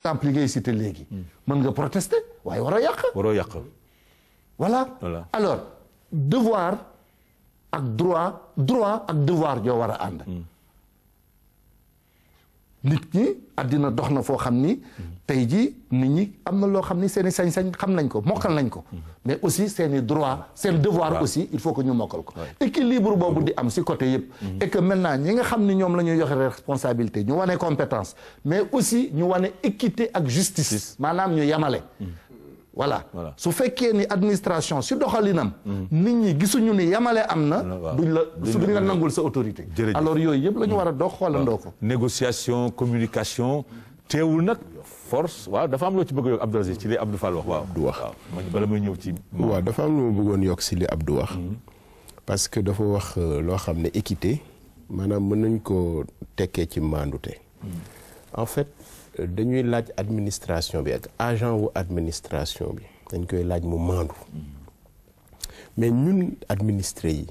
exemple li ngay cité léegi. Hmm. mën nga protester waaye waroo yàq. waroo yàq. voilà alors devoir ak droit droit ak devoir ñoo war a ànd. Hmm. nit ñi àddina dox na foo xam ni tey ji nit ñi am na loo xam ni seen i sañ-sañ xam nañ ko mokkal nañ ko mais aussi seen i droit seen devoir aussi il faut que ñu mokkal ko équilibre boobu di am si côté yëpp mm-hmm. et que maintenant ñi nga xam ni ñoom la ñuy joxe responsabilité ñu wane compétence mais aussi ñu wane équité ak justice maanaam ñu yemale mm voilà Ce fait ni administration si une administration, mhm. ni yamale gens qui la de nangul autorité. alors la a négociation communication force Il dafa am ci a Abdou qui ci li Abdou Fall wax waaw. du wax ci. dafa mhm. parce que dafa wax euh, lo xamné équité manam ko ci mhm. en fait dañuy laaj administration bi ak agent wu administration bi dañ koy laaj mu maandu mais ñun administré yi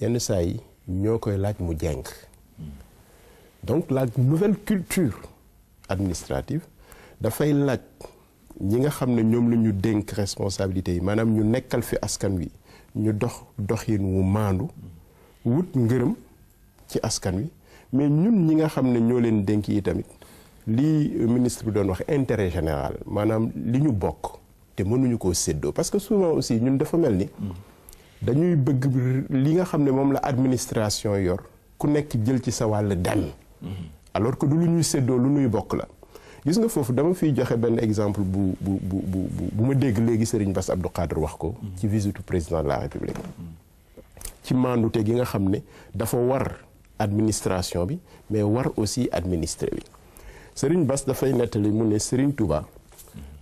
yenn saa yi ñoo koy laaj mu jeng donc la nouvelle culture administrative dafay laaj ñi nga xam ne ñoom la ñu dénk responsabilité yi maanaam ñu nekkal fi askan wi ñu dox doxin wu maandu wut ngërëm ci askan wi mais ñun ñi nga xam ne ñoo leen dénk yi tamit le ministre de doon intérêt général Madame li parce que souvent aussi ñun dafa melni nous bëgg li la administration alors que du lu ñuy seddo lu ñuy bokk la gis nga fofu dama exemple bu bu bu bu Abdou président de la République ci m'a gi nga administration mais war aussi l'administration. Serigne Bass dafay nettali mu ne Serigne Touba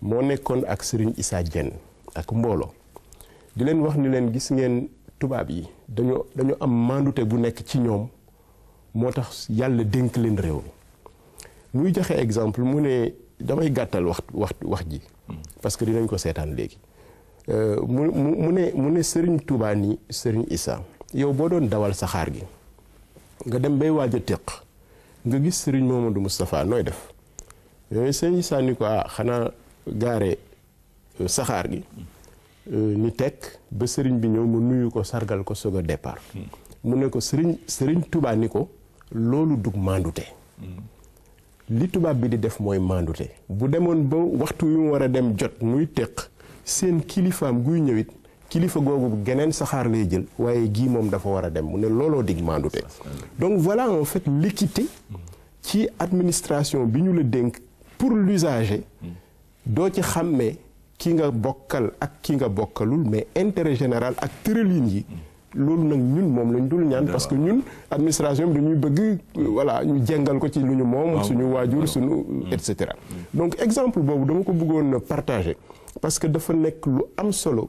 moo nekkoon ak Serigne Issa Dieng ak mbooloo di leen wax ni leen gis ngeen tubaab yi dañoo dañu am mandute bu nekk ci ñoom moo tax yàlla dénk leen réew muy joxe exemple mu ne damay gàttal wax wax ji parce que dinañ ko seetaan léegi euh, mu mu mu ne mu ne Serigne Touba ni Serigne Issa yow boo doon dawal saxaar gi nga dem bay waaj a téq nga gis sëriñ Momadou Moustapha nooy def sëñ bi sànni ko ah xanaa gaare euh, saxaar gi ni euh, tekk ba sëriñ bi ñëw mu nuyu ko sargal ko soog a départ mu ne ko sëriñ sëriñ Touba ni ko loolu dug mandute li tubaab bi di def mooy mandute bu demoon ba waxtu wi mu war a dem jot muy teq seen kilifaam guy ñëwit kilifa googu geneen saxaar lay jël waye gi mom dafa wara dem mu ne looloo dig maandute donc voilà en fait l'équité ci administration biñu le denk pour l'usager do ci xamé ki nga bokal ak ki nga bokalul mais intérêt général ak tërëlin yi loolu nak ñun mom lañ dul ñaan parce que ñun administration bi bëgg voilà ñu jengal ko ci ñu suñu wajur suñu mm. et cetera donc exemple boobu dama ko bëggone partager parce que dafa nek lu am solo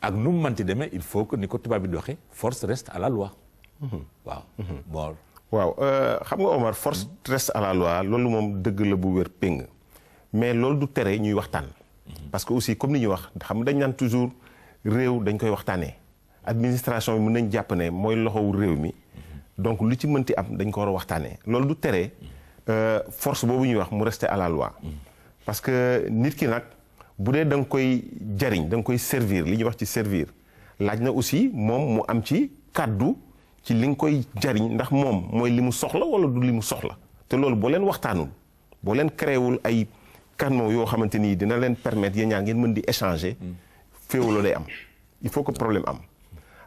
ak num mu deme il faut que ni ko tubaab bi force reste à la loi. waaw bon. waaw euh, xam nga Omar force reste à la loi loolu mom deug la bu wér ping, mais loolu du téré ñuy waxtaan. parce que aussi comme ni ñuy wax xam nga dañ naan toujours réew dañ koy waxtané administration bi mën nañ jàpp ne mooy loxowu réew mi donc lu ci mënti am dañ ko war a waxtaanee du tere euh, force bobu ñuy wax mu rester à la loi parce que nit ki nak bu dang koy jariñ dang koy servir liñ wax ci servir lajna aussi mom mu am ci cadeau ci liñ koy jariñ ndax mom moy limu soxla wala du limu soxla té loolu bo len waxtanul bo len créewul ay canaux yo xamanteni dina len permettre yéen ñaa ngeen mën di échanger hmm. féewaloo lay am il faut que problème am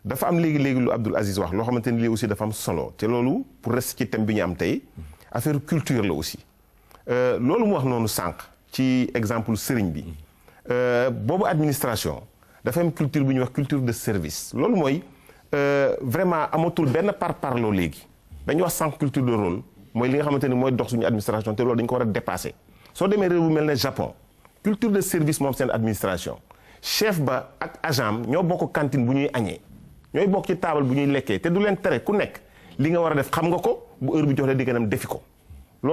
dafa am légui légui lu Abdoul Aziz wax loo xamanteni li aussi dafa am solo té loolu pour reste ci thème bi ñu am tay affaire culture la aussi euh loolu mu wax nonu sank ci exemple sëriñ bi hmm. Euh, bobu administration dafa am culture buñ wax culture de service moy euh vraiment amatul ben par parloo léegi dañ wax sans culture de rôle moy li nga xamanteni moy dox suñu administration té lolou dañ ko wara dépasser dépassé soo demee réew bu mel ne Japon culture de service mom sen administration chef ba ak agent am ñoo bokk cantine buñuy agné ñoy ñooy bokk ci table buñuy ñuy té du leen téré ku nekk li nga wara def xam nga ko bu heure bi jox la di nga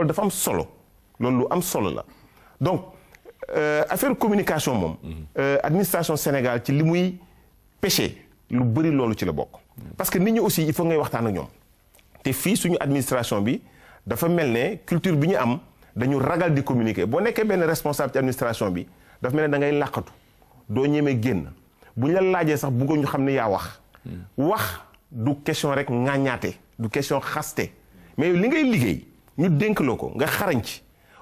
dafa am solo loolu lu am solo la donc euh, affaire communication mom mhm. euh, administration Sénégal ci limuy péché lu brûlé ci parce que nous aussi il faut ngay te fi suñu administration bi dafa melné culture bi ñu am dañu ragal di communiquer bo nekkee ben responsable administration bi dafa melné da ngay laqatu do la laajee sax ko ñu xamné ya wax. Hmm. wax du question rek du question mais li ngay liggéey ñu dénk loko nga xarañ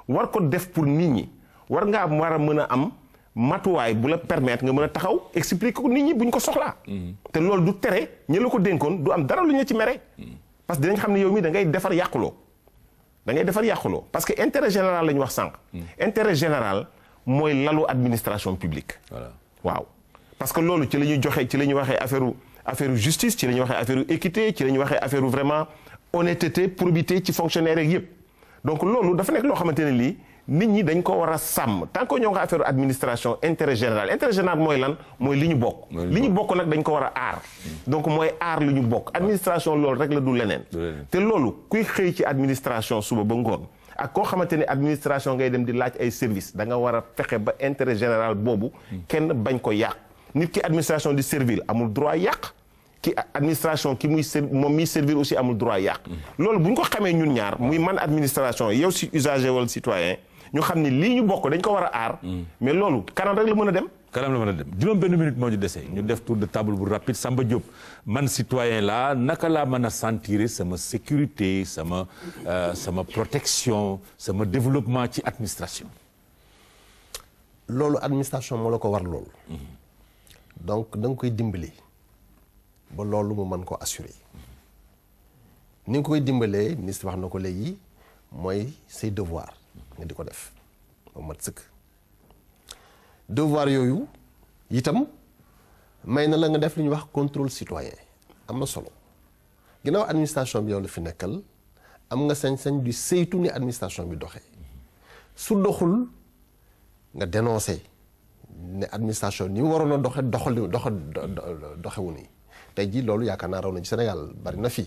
war ko def pour nit war nga war a mën a am matuwaay bu la permettre nga mën a taxaw expliquer ko nit ñi buñ ko soxlaa. Mm-hmm. te loolu du tere ñi la ko dénkoon du am dara lu ñu ci mere. Mm-hmm. parce que dinañ xam ne yow mii da ngay defar yàquloo da ngay defar yàquloo parce que intérêt général la ñu wax sànq. Mm-hmm. intérêt général mooy lalu administration publique. voilà waaw parce que loolu ci la ñuy joxe ci la ñuy waxee affaire affaire justice ci la ñuy waxee affaire équité ci la ñuy waxee affaire vraiment honnêteté probité ci fonctionnaire yeeg yëpp donc loolu dafa nekk loo xamante ne lii nit ñi dañ ko war a sàmm tant que ñoo nga affaire administration intérêt général intérêt général mooy lan mooy li ñu bokk li ñu bokk nag dañ ko war a aar donc mooy aar li ñu bokk administration loolu rek la du leneen te loolu kuy xëy ci administration suba ba ngoon ak koo xamante administration ngay dem di laaj ay service da nga war a fexe ba intérêt général boobu kenn bañ ko yàq nit ki administration di servir amul droit yàq ki administration ki muy ser moom miy servir aussi amul droit yàq mm. loolu bu ñu ko xamee ñun ñaar muy man administration yow si usager wala citoyen ñu xam ni lii ñu bokk dañ ko mm. mais rek la dem. la dem minute moo ñu ñu def tour de table bu rapide Samba Diop man citoyen la naka sécurité sama euh, sama protection sama développement ci administration. loolu administration moo la war mm-hmm. donc da nga koy dimbali ba loolu mu mën assurer mm-hmm. ni nga koy ministre wax devoir nga di ko def moom mat sëkk devoir yooyu itam may na la nga def li ñuy wax contrôle citoyen am na solo ginnaaw administration bi yow la fi nekkal am nga sañ-sañ di saytu ni administration bi doxee su doxul nga dénoncé ne administration ni mu waroon a doxe doxal doxe doxewu nii tey jii loolu yaakaar naa raw na ci Sénégal bari na fii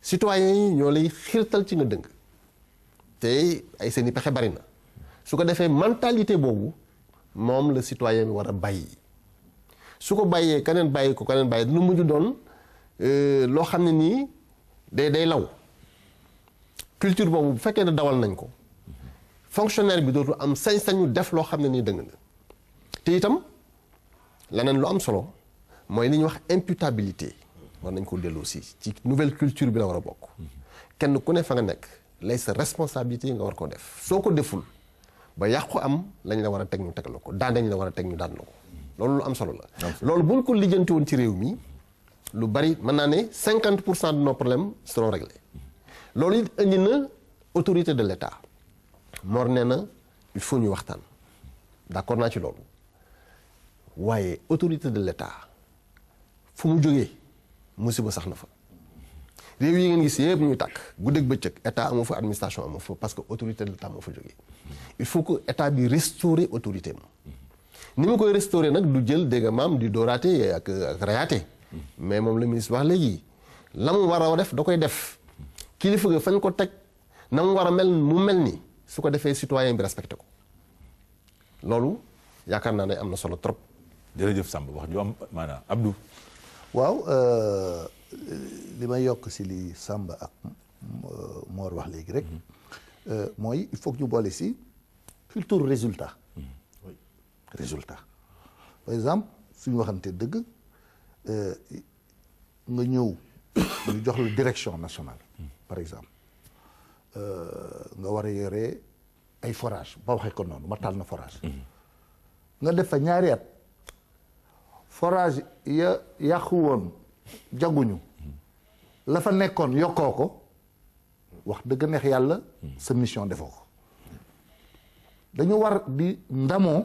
citoyens yi ñoo lay xiirtal ci nga dëng te ay seen i pexe bari na su ko defee mentalité boobu moom la citoyen bi war a bàyyi su ko bàyyee keneen bàyyi ko keneen bàyyi dina mujj doon euh, loo xam ne nii day day law culture boobu bu fekkee ne dawal nañ ko fonctionnaire bi dootu am sañ-sañu def loo xam ne nii dëng na te itam leneen lu am solo mooy li ñuy wax imputabilité war nañ ko delloo si ci nouvelle culture bi la war a bokk. kenn ku ne fa nga nekk lay sa responsabilité nga war ko def soo ko deful ba yàqu am lañ la war a teg ñu teg la ko daan dañ la war a teg ñu daan la ko loolu lu am solo la. loolu buñ ko lijjanti woon ci réew mi lu bari mën 50% de nos problèmes seront réglés loolu it indi na autorité de l'État état na il faut ñu waxtaan d'accord accord naa ci loolu waaye autorité de l'État état fu mu jógee. musiba sax na fa réew yi ngeen gis yëpp ñuy tàkk guddeeg bëccëg état amu fa administration amu fa parce que autorité de l'état moo fa jógee il faut que état bi restaurer autorité am ni mu koy restaurer nag du jël dégg maam di dooraate ak ak mais moom la ministre wax léegi la mu war a def da koy def kilifa ga fañ ko teg na mu war a mel mu mel ni su ko defee citoyen bi respecté ko loolu yaakaar naa ne am na solo trop. jërëjëf Samb wax ju am maanaam Abdou. waaw euh, li may yokk si li Samba ak euh, Mor wax léegi rek mhm. euh, mooy il faut que ñu boole si culture résultat mhm. résultat par exemple suñu waxante dëgg nga ñëw ñu jox la direction nationale mhm. par exemple nga war a ay forage ba waxee ko noonu ma taal na forage nga def fa ñaari at forage ya yàquwoon woon jaguñu la fa nekkoon yokkoo ko wax dëgg neex yàlla sa mission defoo ko dañu war di ndamoo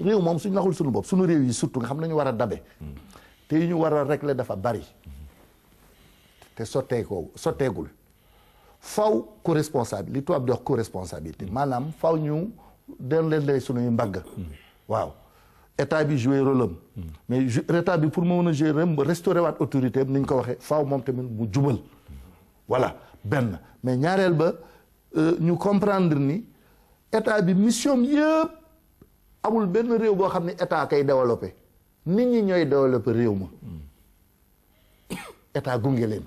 réew moom suñ naxul suñu bopp suñu réew yi surtout nga xam nañu war a dabe te yi ñu war a la dafa bari te sotteekoo sotteegul faw corresponsable li tubaab di wax corresponsabilité maanaam faw ñu den leen lay suñu mbagg waaw état bi joué mais état bi pour mu mën a joué restauré waat autorité am ni ñu ko waxee faw moom tamit mu jubal voilà benn mais ñaareel ba euh, ñu comprendre ni état bi mission yëpp amul ben réew bo xamni ne état kay développer nit ñi ñoy développer réew ma état gunge leen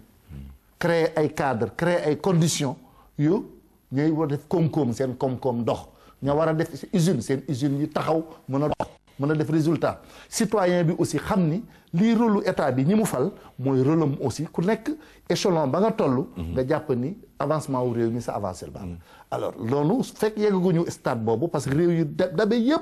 créer ay cadre créer ay conditions yu ñoy war def koom sen seen dox ñoo war def usine sen usine yi taxaw mëna dox mëna def résultat citoyen bi aussi xamni li rôle rôlu état bi ñi mu fal rôle am aussi ku nek échelon ba nga tollu nga japp ni avancement wu réew mi sa avancé baax mm. alors loolu fekk yeggaguñu stade bobu parce que réew yu dabe yépp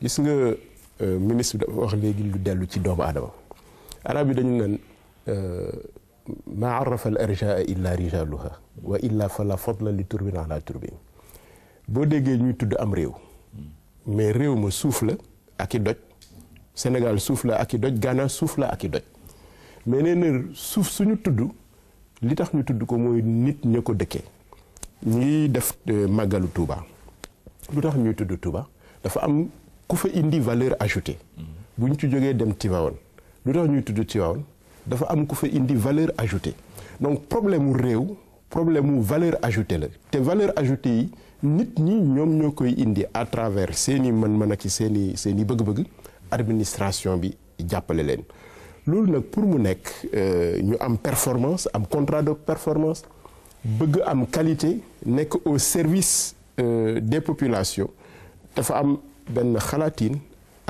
gis nga euh, ministre bi dafa wax léegi lu dellu ci doomu aadama araab yi dañu naan euh, ma arafa al arjaa illa rijaluha wa illa fala fadla li turbin ala turbin boo déggee ñuy tudd am réew mais réew ma suuf la ak i doj Sénégal suuf la ak i doj Ghana suuf la ak i doj mais nee suuf suñu tudd li tax ñu tudd ko mooy nit ñu ko dëkkee ñuy def euh, màggalu Touba lu tax ñuy tudd Touba dafa am ku fa indi valeur ajoutée bu ñu ci jógee dem Tivaouane nous tax ñuy tudd Tivaouane dafa am ku fa indi valeur ajoutée donc problème mu réew problème mu valeur ajoutée la te valeur ajoutée nit ñi ñoom à travers ce mën-mën ak seeni seeni bëgg-bëgg administration bi pour mu nekk euh, ñu am performance am contrat de performance bëgg am qualité nekk au service euh, des populations dafa am benn xalaatin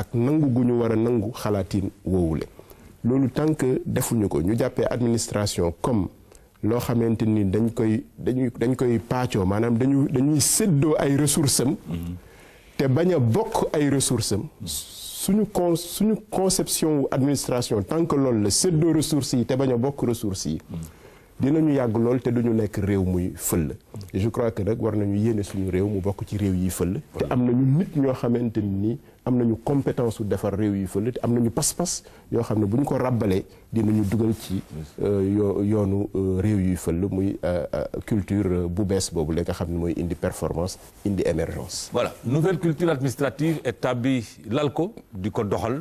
ak nangu gu ñu war a nangu xalaatiin woowule loolu tant que defuñu ko ñu jàppee administration comme loo xamante ni dañ koy dañuy dañ koy paacoo maanaam dañu dañuy séddoo ay ressources am mm-hmm. te bañ a bokk ay ressources am suñu con suñu conception wu administration tant que loolu la séddoo ressources yi te bañ a bokk ressources yi mm-hmm. dinañu yag lool té duñu nek réew muy fël je crois que rek war nañu yéné suñu réew mu bokk ci réew yi feul té am nañu nit ño xamanteni ni am nañu compétence su defar réew yi feul té am nañu pass pas yoo xam ne ko ràbbalee dinañu duggal ci euh, yoo yoonu euh, réew yi feul muy euh, culture bu bees bobu lé nga xamné moy indi performance indi émergence voilà nouvelle culture administrative établie l'alco du di ko doxal